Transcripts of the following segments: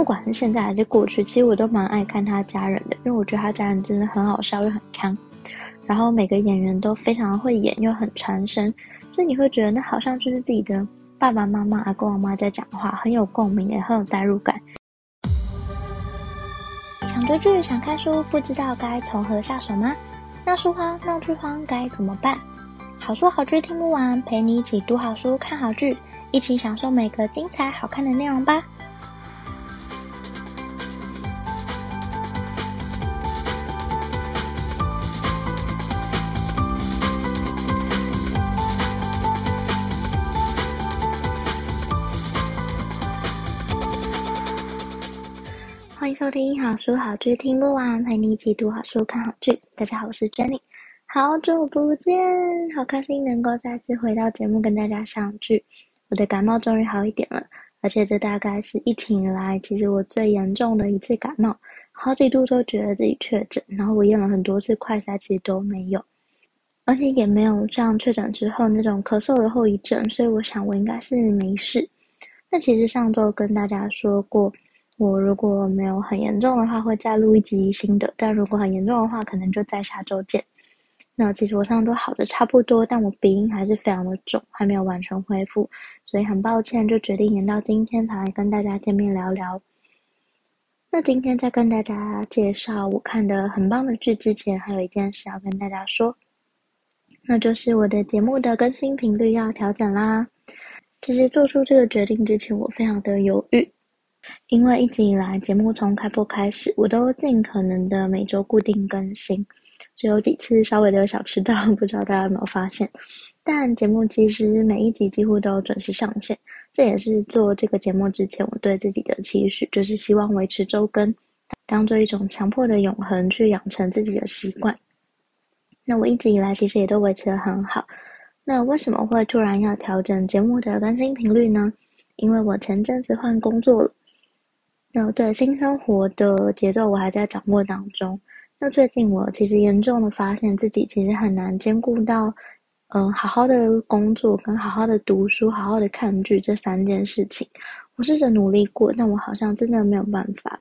不管是現在還是過去，其實我都蠻愛看他家人的，因為我覺得他家人真的很好笑又很 ㄎㄧㄤ，然後每個演員都非常會演又很傳神，所以你會覺得那好像就是自己的爸爸媽媽阿公阿嬤在講話，很有共鳴也很有代入感。想追劇想看書，不知道該從何下手嗎？鬧書荒鬧劇荒該怎麼辦？好書好劇聽不完，陪你一起讀好書看好劇，一起享受每個精彩好看的內容吧。歡迎收聽《好書好劇聽不完》，陪你一起讀好書、看好劇。大家好，我是 Jenny，好久不見，好開心能夠再次回到節目跟大家相聚。我的感冒終於好一點了，而且這大概是疫情以來，其實我最嚴重的一次感冒，好幾度都覺得自己確診，然後我驗了很多次快篩，其實都沒有，而且也沒有像確診之後那種咳嗽的後遺症，所以我想我應該是沒事。那其實上周跟大家說過。我如果沒有很嚴重的話，會再錄一集新的；但如果很嚴重的話，可能就在下周見。那其實我上周都好的差不多，但我鼻音還是非常的重，還沒有完全恢復，所以很抱歉，就決定延到今天才來跟大家見面聊聊。那今天在跟大家介紹我看的很棒的劇之前，還有一件事要跟大家說，那就是我的節目的更新頻率要調整啦。其實做出這個決定之前，我非常的猶豫。因為一直以來，節目從開播開始，我都盡可能的每周固定更新，只有幾次稍微的小遲到，不知道大家有沒有發現。但節目其實每一集幾乎都準時上線，這也是做這個節目之前我對自己的期許，就是希望維持周更，當做一種強迫的永恆去養成自己的習慣。那我一直以來其實也都維持得很好，那為什麼會突然要調整節目的更新頻率呢？因為我前陣子換工作了。那、no, 對新生活的節奏，我還在掌握當中。那最近我其實嚴重的發現自己，其實很難兼顧到，嗯、呃，好好的工作跟好好的讀書、好好的看劇這三件事情。我試着努力過，但我好像真的沒有辦法，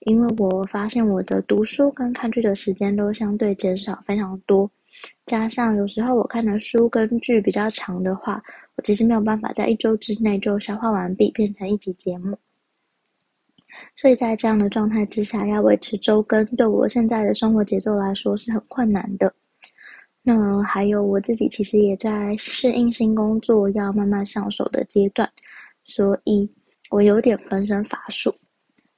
因為我發現我的讀書跟看劇的時間都相對減少非常多。加上有時候我看的書跟劇比較長的話，我其實沒有辦法在一周之內就消化完畢，變成一集節目。所以在這樣的狀態之下，要維持周更，對我現在的生活節奏來說是很困難的。那還有我自己，其實也在適應新工作，要慢慢上手的階段，所以我有點分身乏術。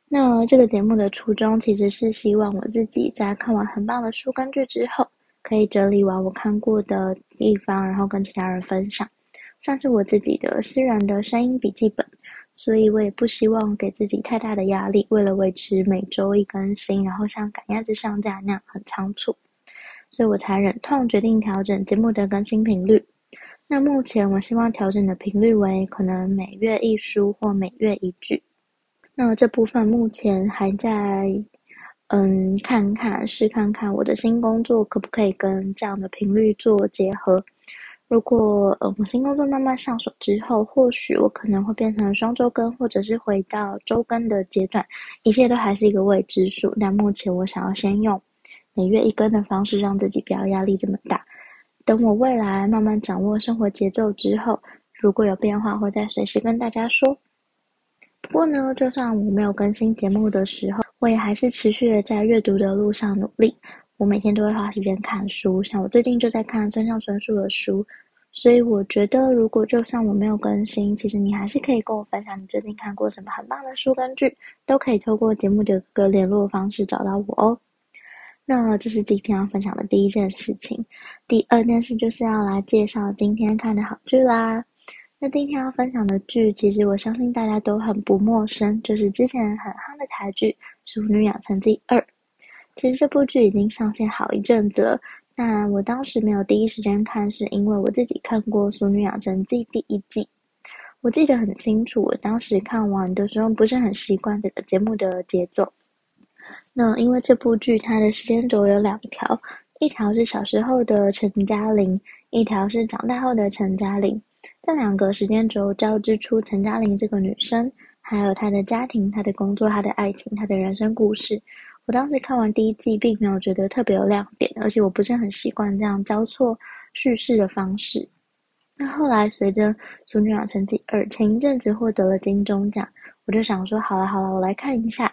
那這個節目的初衷其實是希望我自己在看完很棒的書跟劇之後，可以整理完我看過的地方，然後跟其他人分享，算是我自己的私人的聲音筆記本。所以我也不希望給自己太大的壓力，為了維持每周一更新，然後像趕鴨子上架那樣很倉促，所以我才忍痛決定調整節目的更新頻率。那目前我希望調整的頻率為可能每月一書或每月一劇，那這部分目前還在嗯，看看試看看我的新工作可不可以跟這樣的頻率做結合。如果呃，我新工作慢慢上手之後，或許我可能會變成雙周更，或者是回到周更的階段，一切都還是一個未知數。但目前我想要先用每月一更的方式，讓自己不要壓力這麼大。等我未來慢慢掌握生活節奏之後，如果有變化，會再隨時跟大家說。不過呢，就算我沒有更新節目的時候，我也還是持續的在閱讀的路上努力。我每天都會花時間看書，像我最近就在看村上春樹的書。所以我覺得，如果就算我沒有更新，其實你還是可以跟我分享你最近看過什麼很棒的書跟劇，都可以透過節目的各個聯絡方式找到我哦。那這是今天要分享的第一件事情，第二件事就是要來介紹今天看的好劇啦。那今天要分享的劇，其實我相信大家都很不陌生，就是之前很夯的台劇《俗女養成記二》。其實這部劇已經上線好一陣子了。那我當時沒有第一時間看，是因為我自己看過《俗女養成記》第一季，我記得很清楚。我當時看完的時候不是很習慣這個節目的節奏。那因為這部劇它的時間軸有兩條，一條是小時候的陳嘉玲，一條是長大後的陳嘉玲。這兩個時間軸交織出陳嘉玲這個女生，還有她的家庭、她的工作、她的愛情、她的人生故事。我當時看完第一季，並沒有覺得特別有亮點，而且我不是很習慣這樣交錯敘事的方式。那後來隨着《俗女養成記二》前一陣子獲得了金鐘獎，我就想說，好了好了，我來看一下。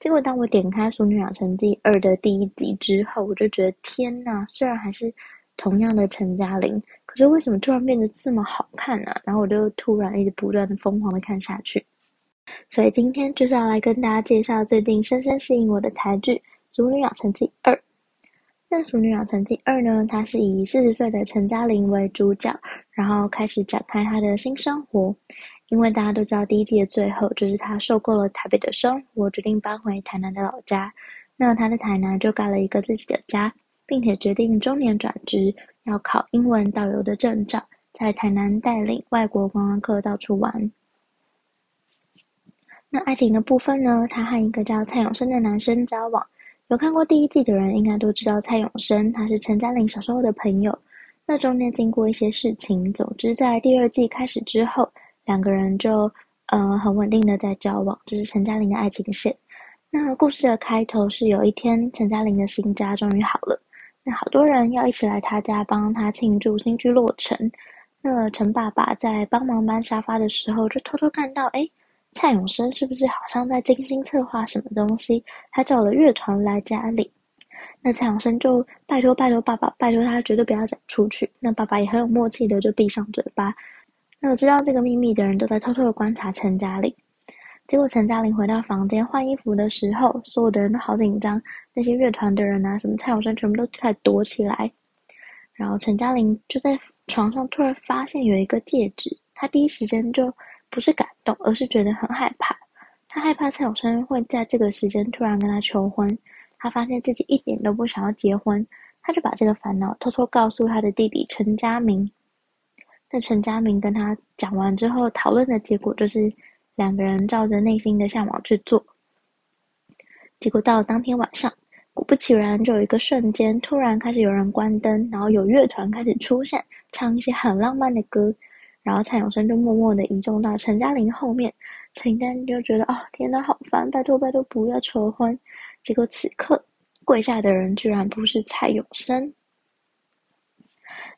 結果當我點開《俗女養成記二》的第一集之後，我就覺得天哪！雖然還是同樣的陳嘉玲，可是為什麼突然變得這麼好看呢？啊？然後我就突然一直不斷的瘋狂的看下去。所以今天就是要來跟大家介紹最近深深吸引我的台劇《俗女養成記二》。那《俗女養成記二》呢，它是以四十歲的陳嘉玲為主角，然後開始展開她的新生活。因為大家都知道，第一季的最後就是她受夠了台北的生活，決定搬回台南的老家。那她在台南就蓋了一個自己的家，並且決定中年轉職，要考英文導遊的證照，在台南帶領外國觀光客到處玩。那愛情的部分呢？他和一個叫蔡永生的男生交往。有看過第一季的人應該都知道蔡永生，他是陳嘉玲小時候的朋友。那中間經過一些事情，總之在第二季開始之後，兩個人就呃很穩定的在交往。這，就是陳嘉玲的愛情線。那故事的開頭是有一天陳嘉玲的新家終於好了，那好多人要一起來他家幫他慶祝新居落成。那陳爸爸在幫忙搬沙發的時候，就偷偷看到誒蔡永生是不是好像在精心策劃什麼東西？還找了樂團來家裡。那蔡永生就拜託拜託爸爸，拜託他絕對不要講出去。那爸爸也很有默契的就閉上嘴巴。那我知道這個秘密的人都在偷偷的觀察陳嘉玲。結果陳嘉玲回到房間換衣服的時候，所有的人都好緊張。那些樂團的人啊，什麼蔡永生全部都在躲起來。然後陳嘉玲就在床上突然發現有一個戒指，他第一時間就。不是感動，而是覺得很害怕。他害怕蔡永森會在這個時間突然跟他求婚。他發現自己一點都不想要結婚，他就把這個煩惱偷偷告訴他的弟弟陳嘉明。那陳嘉明跟他講完之後，討論的結果就是兩個人照着內心的向往去做。結果到了當天晚上，果不其然，就有一個瞬間突然開始有人關燈，然後有樂團開始出現，唱一些很浪漫的歌。然後蔡永生就默默的移動到陳嘉玲後面，陳嘉玲就覺得啊、哦，天哪，好煩！拜托拜托，不要求婚！結果此刻跪下的人居然不是蔡永生。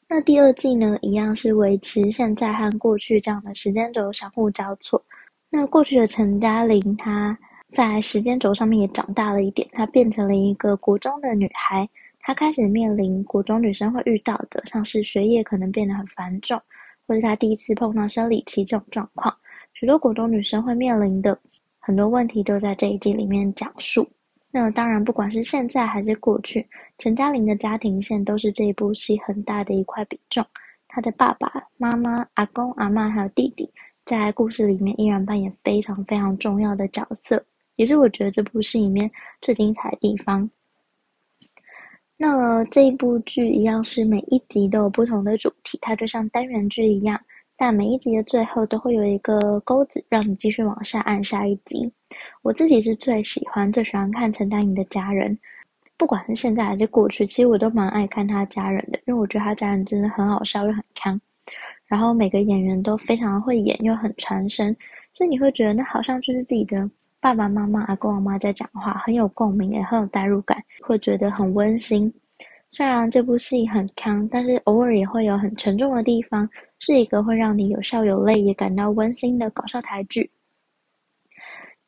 那第二季呢，一樣是維持現在和過去這樣的時間軸相互交錯。那過去的陳嘉玲，她在時間軸上面也長大了一點，她變成了一個國中的女孩，她開始面臨國中女生會遇到的，像是學業可能變得很繁重。或是他第一次碰到生理期這種狀況，許多廣東女生會面臨的很多問題，都在這一季裡面講述。那當然，不管是現在還是過去，陳嘉玲的家庭線都是這一部戲很大的一塊比重。她的爸爸媽媽、阿公阿嬤還有弟弟，在故事裡面依然扮演非常非常重要的角色，也是我覺得這部戲裡面最精彩的地方。那這一部劇一樣是每一集都有不同的主題，它就像單元劇一樣，但每一集的最後都會有一個鈎子，讓你繼續往下按下一集。我自己是最喜歡、最喜歡看陳嘉玲的家人，不管是現在還是過去，其實我都蠻愛看他家人的，因為我覺得他家人真的很好笑又很 ㄎㄧㄤ，然後每個演員都非常會演又很傳神，所以你會覺得那好像就是自己的。爸爸媽媽阿公阿嬤在講話，很有共鳴，也很有代入感，會覺得很溫馨。雖然這部戲很 ㄎㄧㄤ，但是偶爾也會有很沉重的地方，是一個會讓你有笑有淚，也感到溫馨的搞笑台劇。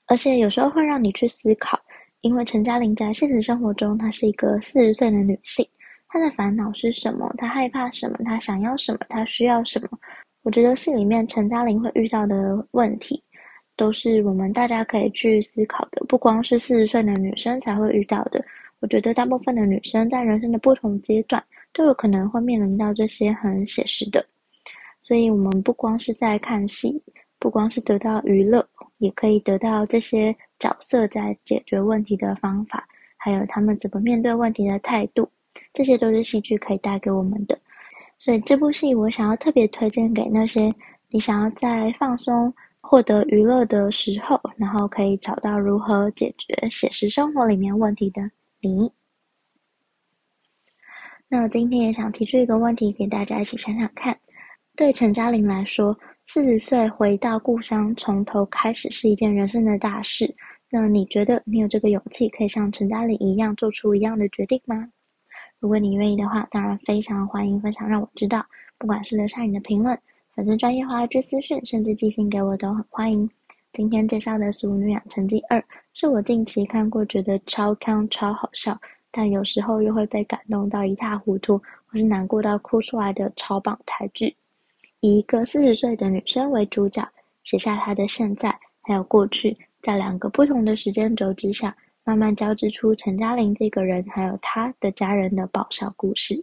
而且有時候會讓你去思考，因為陳嘉玲在現實生活中，她是一個四十歲的女性，她的煩惱是什麼？她害怕什麼？她想要什麼？她需要什麼？我覺得戲裡面陳嘉玲會遇到的問題。都是我們大家可以去思考的，不光是四十歲的女生才會遇到的。我覺得大部分的女生在人生的不同階段都有可能會面臨到這些很寫實的。所以，我們不光是在看戲，不光是得到娛樂，也可以得到這些角色在解決問題的方法，還有他們怎麼面對問題的態度，這些都是戲劇可以帶給我們的。所以，這部戲我想要特別推薦給那些你想要在放鬆。獲得娛樂的時候，然後可以找到如何解決現實生活裡面問題的你。那我今天也想提出一個問題給大家一起想想看：對陳嘉玲來說，四十歲回到故鄉從頭開始是一件人生的大事。那你覺得你有這個勇氣可以像陳嘉玲一樣做出一樣的決定嗎？如果你願意的話，當然非常歡迎分享，讓我知道，不管是留下你的評論。反正專業化追私訊，甚至寄信給我都很歡迎。今天介紹的《俗女養成記二》，是我近期看過覺得超康、超好笑，但有時候又會被感動到一塌糊塗，或是難過到哭出來的超棒台劇。以一個四十歲的女生為主角，寫下她的現在，還有過去，在兩個不同的時間軸之下，慢慢交織出陳嘉玲這個人，還有她的家人的爆笑故事。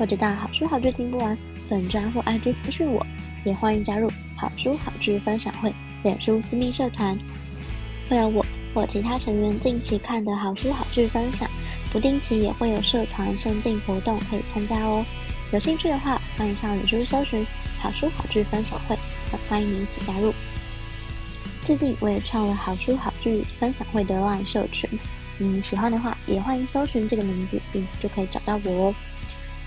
或者到好書好劇聽不完，粉專或 IG 私信我，也歡迎加入好書好劇分享會，臉書私密社團，會有我或其他成員近期看的好書好劇分享，不定期也會有社團限定活動可以參加哦。有興趣的話，歡迎上臉書搜尋“好書好劇分享會”，也歡迎你一起加入。最近我也創了“好書好劇分享會”的 LINE 社群，嗯，喜歡的話也歡迎搜尋這個名字，並就可以找到我哦。